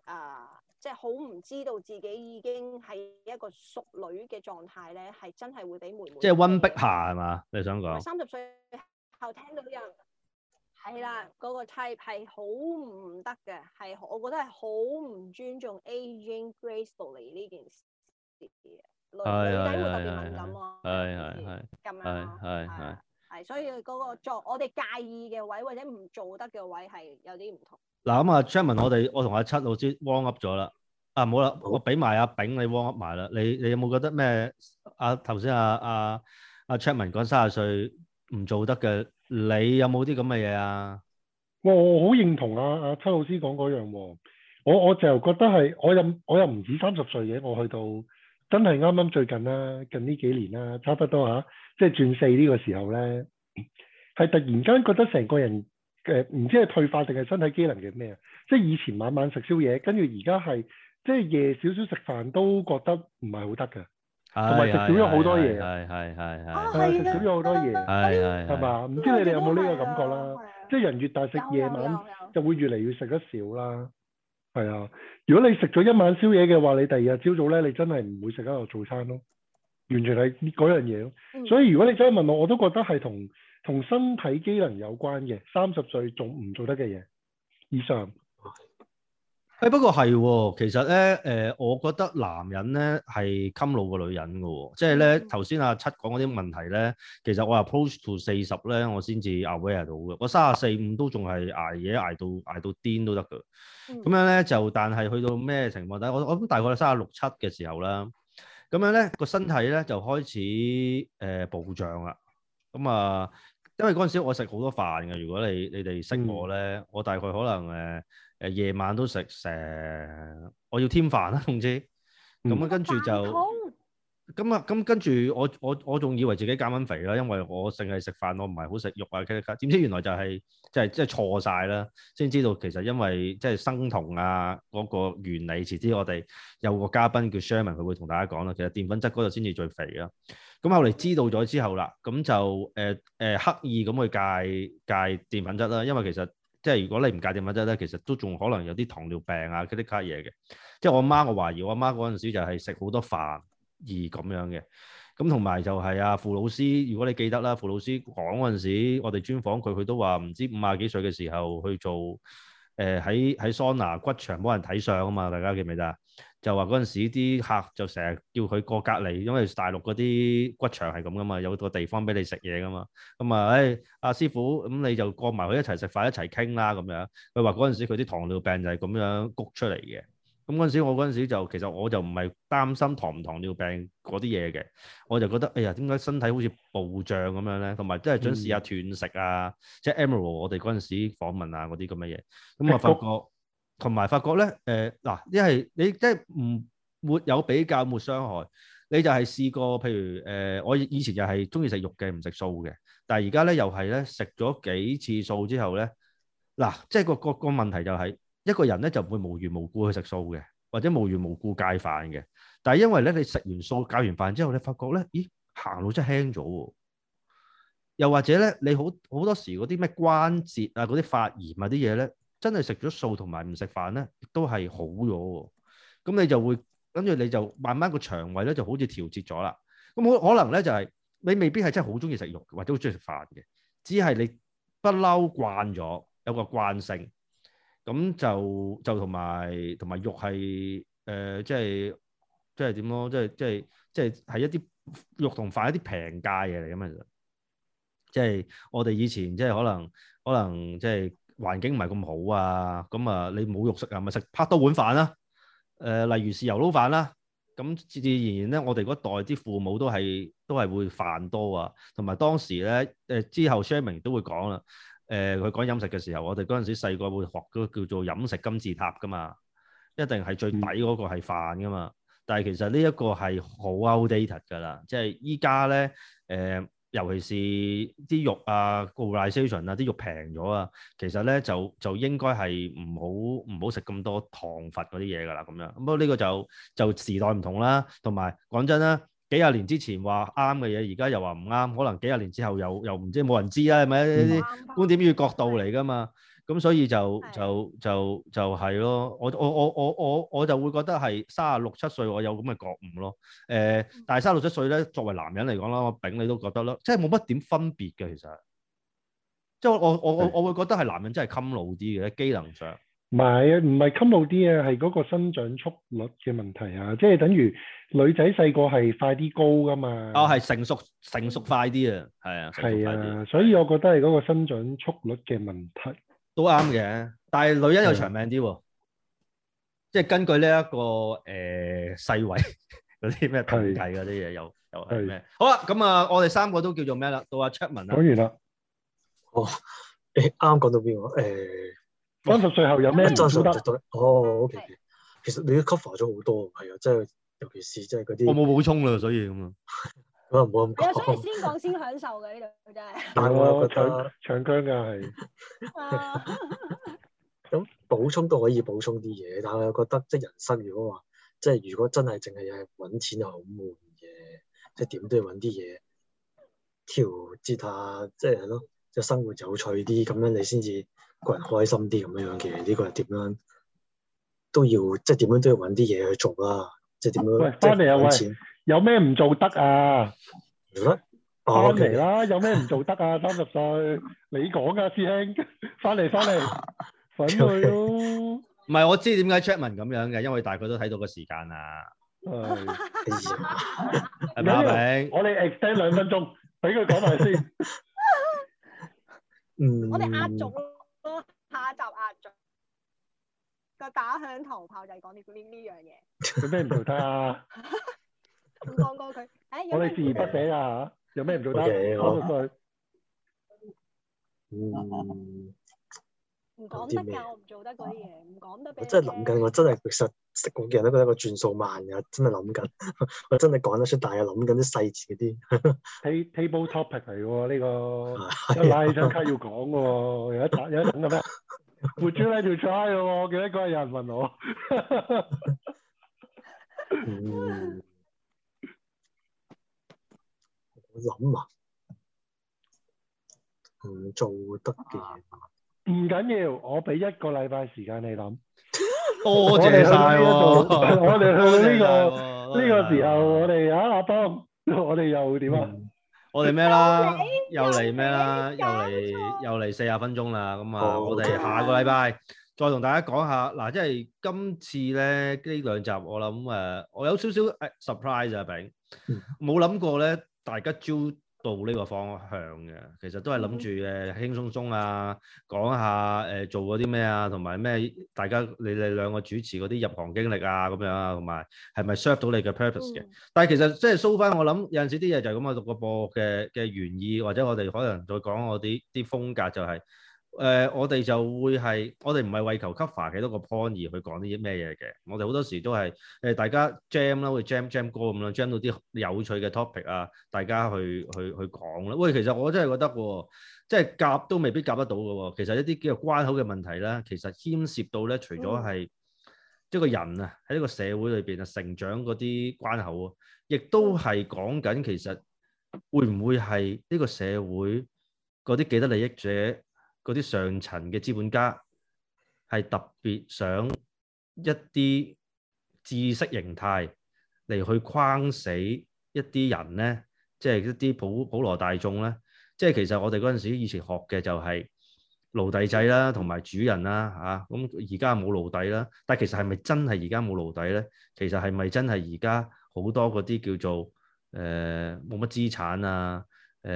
即係好唔知道自己已經係一個淑女嘅狀態咧，係真係會俾妹妹。即係溫碧霞係嘛？你想講？三十歲後聽到女人。係啦，嗰個 type 係好唔得嘅，係我覺得係好唔尊重 aging gracefully 呢件事。女女仔特別敏感喎，係係係咁樣咯，係係係，所以嗰個做我哋介意嘅位或者唔做得嘅位係有啲唔同。嗱咁啊，Chapman，我哋我同阿七老師 warm up 咗啦。啊，冇啦，我俾埋阿炳你 warm up 埋啦。你你有冇覺得咩？阿頭先阿阿阿 Chapman 講三十歲唔做得嘅。你有冇啲咁嘅嘢啊？哦、我好認同啊。阿秋老師講嗰樣喎、啊，我我就覺得係，我又我又唔止三十歲嘅，我去到真係啱啱最近啦、啊，近呢幾年啦、啊，差不多吓、啊，即係轉四呢個時候咧，係突然間覺得成個人嘅唔、呃、知係退化定係身體機能嘅咩啊？即係以前晚晚食宵夜，跟住而家係即係夜少少食飯都覺得唔係好得㗎。同埋食少咗好多嘢，係係係係，食少咗好多嘢，係係係嘛，唔知你哋有冇呢個感覺啦？即係人越大食夜晚，就會越嚟越食得少啦。係啊，如果你食咗一晚宵夜嘅話，你第二日朝早咧，你真係唔會食得到早餐咯，完全係嗰樣嘢咯。所以如果你走去問我，我都覺得係同同身體機能有關嘅，三十歲仲唔做得嘅嘢以上。誒不過係喎，哦，其實咧，誒、呃、我覺得男人咧係襟老個女人嘅喎，哦，即係咧頭先阿七講嗰啲問題咧，其實我 approach to 四十咧，我先至 aware 到嘅，嗯，我三廿四五都仲係捱夜捱到捱到癲都得嘅，咁樣咧就但係去到咩情況？但我我諗大概三廿六七嘅時候啦，咁樣咧個身體咧就開始誒、呃、暴漲啦，咁啊，因為嗰陣時我食好多飯嘅，如果你你哋識我咧，我大概可能誒。誒夜、呃、晚都食成、呃，我要添飯啦總之，咁、嗯、啊、嗯、跟住就咁啊，咁跟住我我我仲以為自己減緊肥啦，因為我淨係食飯，我唔係好食肉啊，點知原來就係即係即係錯晒啦，先知道其實因為即係、就是、生酮啊嗰、那個原理，遲啲我哋有個嘉賓叫 Sherman，佢會同大家講啦，其實澱粉質嗰度先至最肥㗎，咁、嗯、後嚟知道咗之後啦，咁就誒誒、呃呃、刻意咁去戒戒澱粉質啦，因為其實。即係如果你唔戒點乜質咧，其實都仲可能有啲糖尿病啊嗰啲卡嘢嘅。即係我阿媽，我懷疑我阿媽嗰陣時就係食好多飯而咁樣嘅。咁同埋就係啊傅老師，如果你記得啦，傅老師講嗰陣時，我哋專訪佢，佢都話唔知五廿幾歲嘅時候去做誒喺喺桑拿骨場幫人睇相啊嘛，大家記唔記得？就話嗰陣時啲客就成日叫佢過隔離，因為大陸嗰啲骨場係咁噶嘛，有個地方俾你食嘢噶嘛。咁、哎、啊，誒阿師傅，咁你就過埋去一齊食飯，一齊傾啦咁樣。佢話嗰陣時佢啲糖尿病就係咁樣谷出嚟嘅。咁嗰陣時我嗰陣時就其實我就唔係擔心糖唔糖尿病嗰啲嘢嘅，我就覺得哎呀，點解身體好似暴漲咁樣咧？同埋真係想試下斷食啊，嗯、即係 Emerald 我哋嗰陣時訪問啊嗰啲咁嘅嘢，咁我發覺。嗯同埋發覺咧，誒嗱，一、呃、係你即係唔沒有比較，沒傷害，你就係試過，譬如誒、呃，我以前就係中意食肉嘅，唔食素嘅，但係而家咧又係咧食咗幾次素之後咧，嗱、呃，即係個個個問題就係、是、一個人咧就唔會無緣無故去食素嘅，或者無緣無故戒飯嘅，但係因為咧你食完素、戒完飯之後，你發覺咧，咦，行路真係輕咗喎，又或者咧，你好好多時嗰啲咩關節啊、嗰啲發炎啊啲嘢咧。真係食咗素同埋唔食飯咧，亦都係好咗喎。咁你就會跟住你就慢慢個腸胃咧就好似調節咗啦。咁好可能咧就係你未必係真係好中意食肉或者好中意食飯嘅，只係你不嬲慣咗有個慣性。咁就就同埋同埋肉係誒，即係即係點咯？即係即係即係係一啲肉同飯一啲平價嘢嚟咁啊！就即係我哋以前即係可能可能即係。環境唔係咁好啊，咁啊你冇肉食啊，咪食拍多碗飯啦、啊。誒、呃，例如豉油撈飯啦、啊。咁自自然然咧，我哋嗰代啲父母都係都係會飯多啊。同埋當時咧，誒、呃、之後 Sherman 都會講啦。誒、呃，佢講飲食嘅時候，我哋嗰陣時細個會學嗰個叫做飲食金字塔㗎嘛。一定係最底嗰個係飯㗎嘛。嗯、但係其實、就是、呢一個係好 outdated 㗎啦。即係依家咧，誒。尤其是啲肉啊，個 nutrition 啊，啲肉平咗啊，其實咧就就應該係唔好唔好食咁多糖分嗰啲嘢㗎啦，咁樣。咁不過呢個就就時代唔同啦，同埋講真啦，幾十年之前話啱嘅嘢，而家又話唔啱，可能幾十年之後又又唔知冇人知啦，係咪？對觀點與角度嚟㗎嘛。咁所以就的就就就係咯、就是。我我我我我我就會覺得係卅六七歲，我有咁嘅覺悟咯。誒、呃，但係卅六七歲咧，作為男人嚟講啦，我炳你都覺得咯，即係冇乜點分別嘅。其實即係我我我的我會覺得係男人真係襟老啲嘅，機能上唔係啊，唔係襟老啲啊，係嗰個生長速率嘅問題啊。即、就、係、是、等於女仔細個係快啲高㗎嘛。哦，係成熟成熟快啲啊，係啊，係啊，所以我覺得係嗰個生長速率嘅問題。都啱嘅，但係女人又長命啲喎，的即係根據呢、這、一個誒世衞嗰啲咩統計嗰啲嘢，又又係咩？的好啦，咁啊，我哋三個都叫做咩啦？到阿 Chapman 啦。講完啦。哦，誒啱講到邊喎？誒、欸，三十歲後有咩？有哦，OK，其實你都 cover 咗好多喎，係啊，即係尤其是即係嗰啲。我冇補充啦，所以咁啊。 我唔好咁講，有先講先享受嘅呢度真係。但係我又覺得搶姜㗎係。咁補充都可以補充啲嘢，但係我又覺得即係人生如果話即係如果真係淨係揾錢又好悶嘅，即係點都要揾啲嘢調節下，即係係咯，即生活有趣啲，咁樣你先至個人開心啲咁樣嘅。呢、呢個係點樣都要，即係點樣都要揾啲嘢去做啦，即係點樣喂即係有、啊、錢。有咩唔做得啊？翻嚟啦！有咩唔做得啊？三十歲，你講啊，師兄，翻嚟翻嚟，粉佢咯。唔係，我知點解 Chapman 咁樣嘅，因為大概都睇到個時間啊。係咪啊？我哋 extend 兩分鐘，俾佢講埋先。嗯，我哋壓軸咯，下一集壓軸。個打響頭炮就係講呢呢呢樣嘢。有咩唔做得啊？唔講過佢，哎，我哋自而不捨啊，有咩唔做得？講唔講？唔講得咩？我唔做得嗰啲嘢，唔講得。我真係諗緊，我真係其實識講嘅人都覺得我轉數慢嘅，真係諗緊。我真係講得出，但係諗緊細節啲。T-table topic 嚟喎呢個，有拉起張卡要講喎，有一沓有一等嘅咩？Would you like to try 㗎喎，我記得嗰日有人問我。諗啊，唔做得嘅嘢，唔緊要，我俾一個禮拜時間你諗，多謝晒喎！我哋去到呢個呢個時候，我哋阿阿邦，我哋又點啊？我哋咩啦？又嚟咩啦？又嚟又嚟四十分鐘啦！咁啊，我哋下個禮拜再同大家講下嗱，即係今次咧呢兩集，我諗誒，我有少少誒 surprise 啊，餅，冇諗過咧。大家朝到呢個方向嘅，其實都係諗住誒輕鬆鬆啊，講一下誒、呃、做過啲咩啊，同埋咩大家你哋兩個主持嗰啲入行經歷啊咁樣啊，同埋係咪 serve 到你嘅 purpose 嘅？嗯、但係其實即係 show 翻，我諗有陣時啲嘢就係咁啊，獨角播嘅嘅原意，或者我哋可能再講我啲啲風格就係、是。誒、呃，我哋就會係，我哋唔係為求 cover 幾多個 point 而去講啲咩嘢嘅。我哋好多時都係誒、呃，大家 jam 啦，會 jam jam 歌咁樣，jam 到啲有趣嘅 topic 啊，大家去去去講啦。喂，其實我真係覺得喎、哦，即係夾都未必夾得到嘅喎、哦。其實一啲叫做關口嘅問題啦，其實牽涉到咧，除咗係即係個人啊，喺呢個社會裏邊啊成長嗰啲關口，啊，亦都係講緊其實會唔會係呢個社會嗰啲既得利益者？嗰啲上層嘅資本家係特別想一啲知識形態嚟去框死一啲人咧，即係一啲普普羅大眾咧。即係其實我哋嗰陣時以前學嘅就係、是、奴隸制啦，同埋主人啦、啊、嚇。咁而家冇奴隸啦，但係其實係咪真係而家冇奴隸咧？其實係咪真係而家好多嗰啲叫做誒冇乜資產啊？誒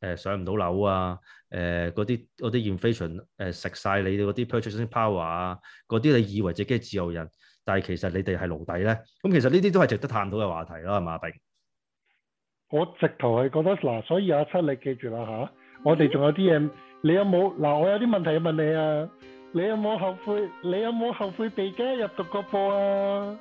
誒誒，上唔到樓啊！誒、呃，嗰啲嗰啲 inflation 誒、呃，食晒你嗰啲 purchasing power 啊！嗰啲你以為自己係自由人，但係其實你哋係奴隸咧。咁其實呢啲都係值得探討嘅話題咯，係嘛，阿炳？我直頭係覺得嗱，所以阿七、啊、你記住啦吓、啊，我哋仲有啲嘢，你有冇嗱？我有啲問題要問你啊！你有冇後悔？你有冇後悔被嘅入讀個播啊？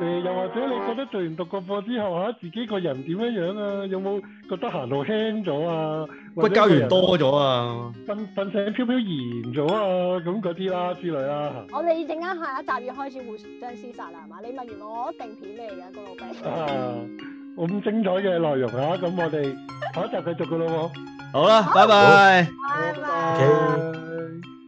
誒，又或者你覺得做完讀個課之後吓，自己個人點樣樣啊？有冇覺得行路輕咗啊？骨膠原多咗啊？瞓瞓醒飄飄然咗啊？咁嗰啲啦，之類啦。我哋陣間下一集要開始互相廝殺啦，係嘛？你問完我，我一定片咩嘅，我俾。啊，咁精彩嘅內容啊！咁我哋下一集繼續噶咯喎。好啦，拜拜。拜拜。再見。